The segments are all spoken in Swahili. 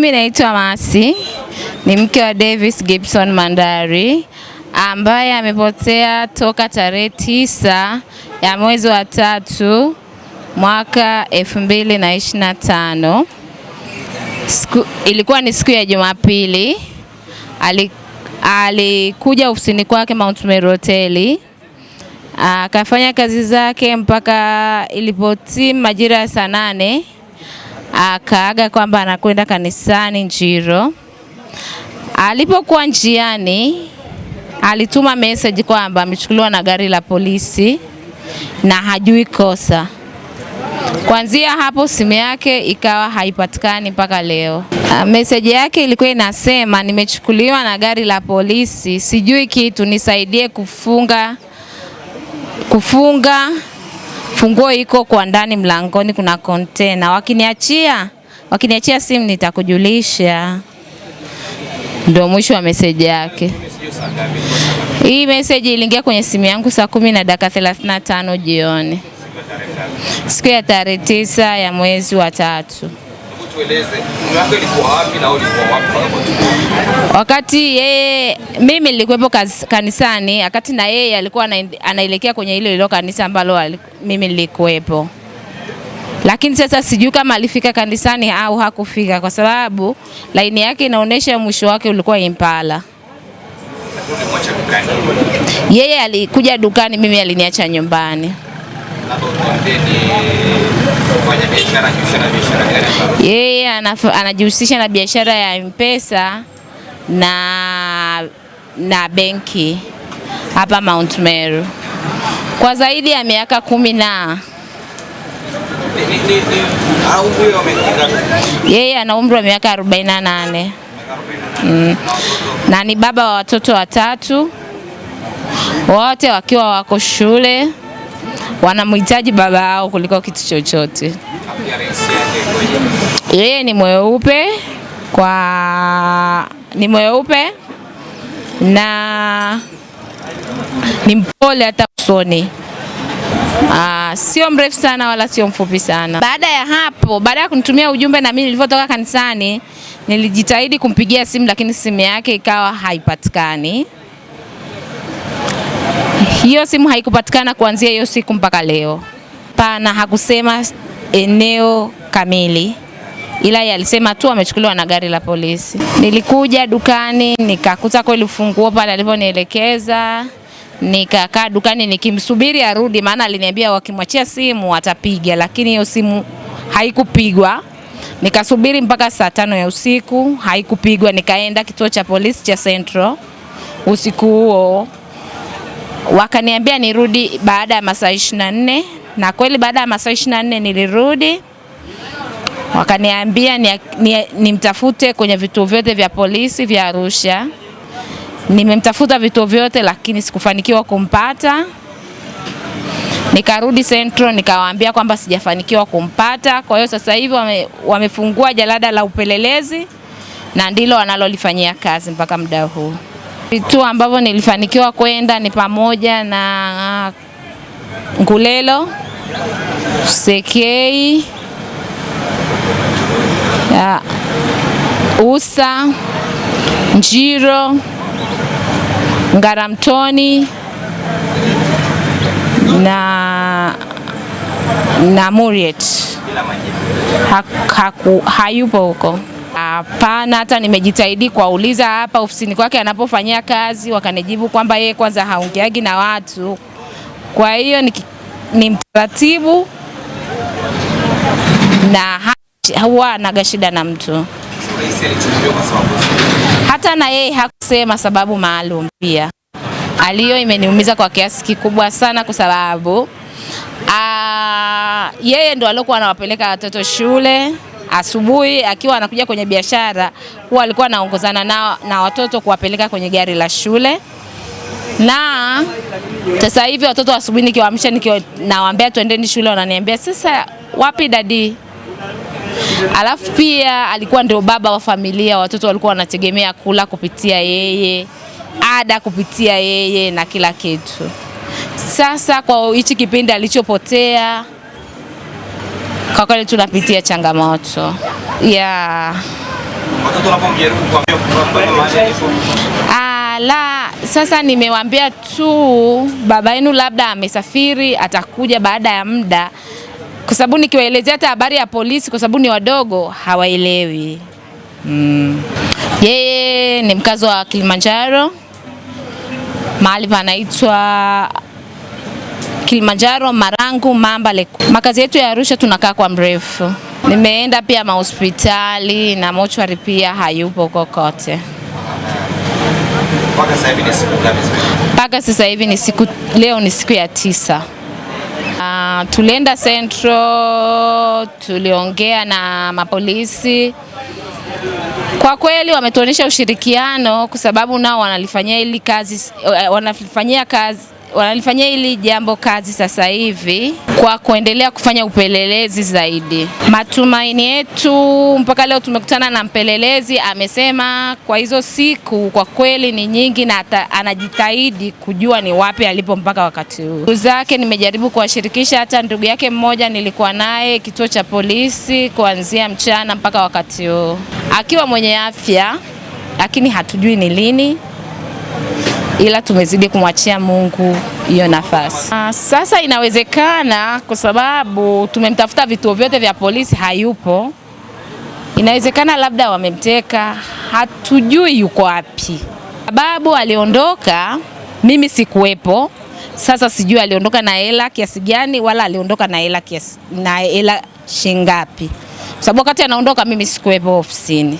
Mimi naitwa Masi, ni mke wa Davis Gibson Mandari ambaye amepotea toka tarehe tisa ya mwezi wa tatu mwaka tano. Siku, ilikuwa ni siku ya Jumapili. Alikuja ali ofisini kwake Mount Meru Hotel akafanya kazi zake mpaka ilipotimu majira ya saa nane akaaga kwamba anakwenda kanisani Njiro. Alipokuwa njiani, alituma message kwamba amechukuliwa na gari la polisi na hajui kosa. Kuanzia hapo simu yake ikawa haipatikani mpaka leo. Ah, Meseji yake ilikuwa inasema, nimechukuliwa na gari la polisi, sijui kitu, nisaidie kufunga kufunga funguo iko kwa ndani mlangoni, kuna kontena. Wakiniachia, wakiniachia simu nitakujulisha. Ndio mwisho wa meseji yake. Hii meseji iliingia kwenye simu yangu saa kumi na dakika 35 jioni, siku ya tarehe tisa ya mwezi wa tatu tueleze ilikuwa wapi na ulikuwa wapi? Wakati yeye, mimi nilikuwepo kanisani, wakati na yeye alikuwa anaelekea kwenye ile ile kanisa ambalo mimi nilikuwepo, lakini sasa sijui kama alifika kanisani au hakufika, kwa sababu laini yake inaonyesha mwisho wake ulikuwa Impala. Yeye alikuja dukani, mimi aliniacha nyumbani yeye anajihusisha na biashara ya mpesa na na benki hapa Mount Meru kwa zaidi ya miaka kumi na yeye ana umri wa miaka 48 mm. na ni baba wa watoto watatu wote wakiwa wako shule wanamhitaji baba yao kuliko kitu chochote. Yeye ni mweupe kwa ni mweupe na ni mpole hata usoni. Ah, sio mrefu sana wala sio mfupi sana. Baada ya hapo, baada ya kunitumia ujumbe na mimi nilivyotoka kanisani, nilijitahidi kumpigia simu lakini simu yake ikawa haipatikani. Hiyo simu haikupatikana kuanzia hiyo siku mpaka leo. Pana hakusema eneo kamili, ila yalisema tu amechukuliwa na gari la polisi. Nilikuja dukani nikakuta kweli ufunguo pale aliponielekeza, nikakaa dukani nikimsubiri arudi, maana aliniambia wakimwachia simu atapiga, lakini hiyo simu haikupigwa. Nikasubiri mpaka saa tano ya usiku, haikupigwa. Nikaenda kituo cha polisi cha Central usiku huo wakaniambia nirudi baada ya masaa ishirini na nne na kweli baada ya masaa ishirini na nne nilirudi wakaniambia nimtafute ni, ni kwenye vituo vyote vya polisi vya Arusha. Nimemtafuta vituo vyote lakini sikufanikiwa kumpata. Nikarudi Central nikawaambia kwamba sijafanikiwa kumpata, kwa hiyo sasa hivi wame, wamefungua jalada la upelelezi na ndilo wanalolifanyia kazi mpaka muda huu. Vituo ambavyo nilifanikiwa kwenda ni pamoja na uh, Ngulelo, Sekei, ya, uh, Usa, Njiro, Ngaramtoni na, na Muriet. Haku, hayupo huko. Hapana, hata nimejitahidi kuwauliza hapa ofisini kwake anapofanyia kazi, wakanijibu kwamba yeye kwanza haongeagi na watu, kwa hiyo ni, ni mtaratibu na huwa anaga shida na mtu. Hata na yeye hakusema sababu maalum. Pia aliyo imeniumiza kwa kiasi kikubwa sana, kwa sababu ah, yeye ndo alokuwa anawapeleka watoto shule asubuhi akiwa anakuja kwenye biashara huwa alikuwa anaongozana na, na watoto kuwapeleka kwenye gari la shule na sasa hivi watoto asubuhi nikiwaamsha, nawaambia twendeni shule, wananiambia sasa wapi dadi? Alafu pia alikuwa ndio baba wa familia, watoto walikuwa wanategemea kula kupitia yeye, ada kupitia yeye na kila kitu. Sasa kwa hichi kipindi alichopotea kwa kweli tunapitia changamoto yeah. Ah, la sasa nimewaambia tu baba yenu labda amesafiri, atakuja baada ya muda, kwa sababu nikiwaelezea hata habari ya polisi, kwa sababu ni wadogo hawaelewi. Mm. Yeye ni mkazi wa Kilimanjaro mahali panaitwa Kilimanjaro, Marangu, Mamba, Leku. Makazi yetu ya Arusha tunakaa kwa mrefu. Nimeenda pia mahospitali na mochwari pia hayupo kokote. Mpaka sasa hivi ni siku, leo ni siku ya tisa. Uh, tulienda Central, tuliongea na mapolisi. Kwa kweli wametuonyesha ushirikiano kwa sababu nao wanalifanyia hili kazi, eh, wanalifanyia kazi wanalifanyia hili jambo kazi sasa hivi kwa kuendelea kufanya upelelezi zaidi. Matumaini yetu mpaka leo tumekutana na mpelelezi amesema kwa hizo siku kwa kweli ni nyingi na ata, anajitahidi kujua ni wapi alipo mpaka wakati huu. Ndugu zake nimejaribu kuwashirikisha, hata ndugu yake mmoja nilikuwa naye kituo cha polisi kuanzia mchana mpaka wakati huu akiwa mwenye afya, lakini hatujui ni lini ila tumezidi kumwachia Mungu hiyo nafasi. Ah, sasa inawezekana kwa sababu tumemtafuta vituo vyote vya polisi, hayupo. Inawezekana labda wamemteka, hatujui yuko wapi, sababu aliondoka, mimi sikuwepo. Sasa sijui aliondoka na hela kiasi gani, wala aliondoka na hela kiasi, na hela shingapi, sababu wakati anaondoka mimi sikuwepo ofisini.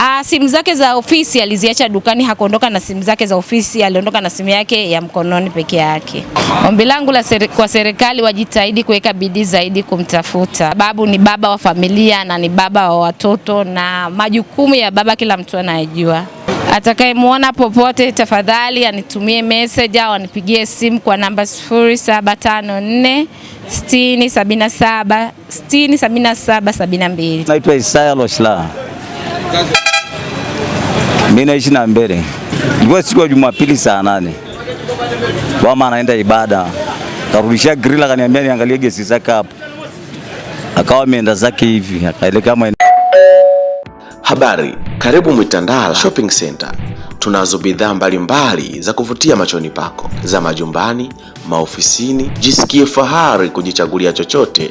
Ah, simu zake za ofisi aliziacha dukani, hakuondoka na simu zake za ofisi, aliondoka na simu yake ya mkononi peke yake. Ombi langu la seri, kwa serikali wajitahidi kuweka bidii zaidi kumtafuta. Babu ni baba wa familia na ni baba wa watoto na majukumu ya baba kila mtu anayejua. Atakayemwona popote tafadhali anitumie message au anipigie simu kwa namba 0754 6077 6077 72. Naitwa Isaya Loshla. Mimi naishi na mbele. Ilikuwa siku ya Jumapili saa nane. Mama anaenda ibada. Karudisha grilla kaniambia niangalie gesi zake hapo. Akawa ameenda zake hivi, akaelekea Habari, karibu Mwitandala Shopping Center. Tunazo bidhaa mbalimbali za kuvutia machoni pako, za majumbani, maofisini. Jisikie fahari kujichagulia chochote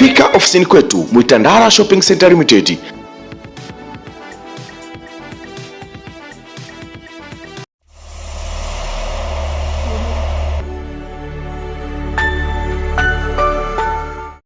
Fika ofisini kwetu Mwitandara Shopping Center Limited